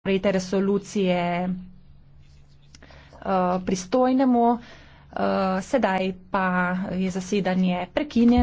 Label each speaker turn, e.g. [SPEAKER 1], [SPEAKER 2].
[SPEAKER 1] sprejete resolucije eh, pristojnemu. Eh, sedaj pa je zasedanje prekinjeno.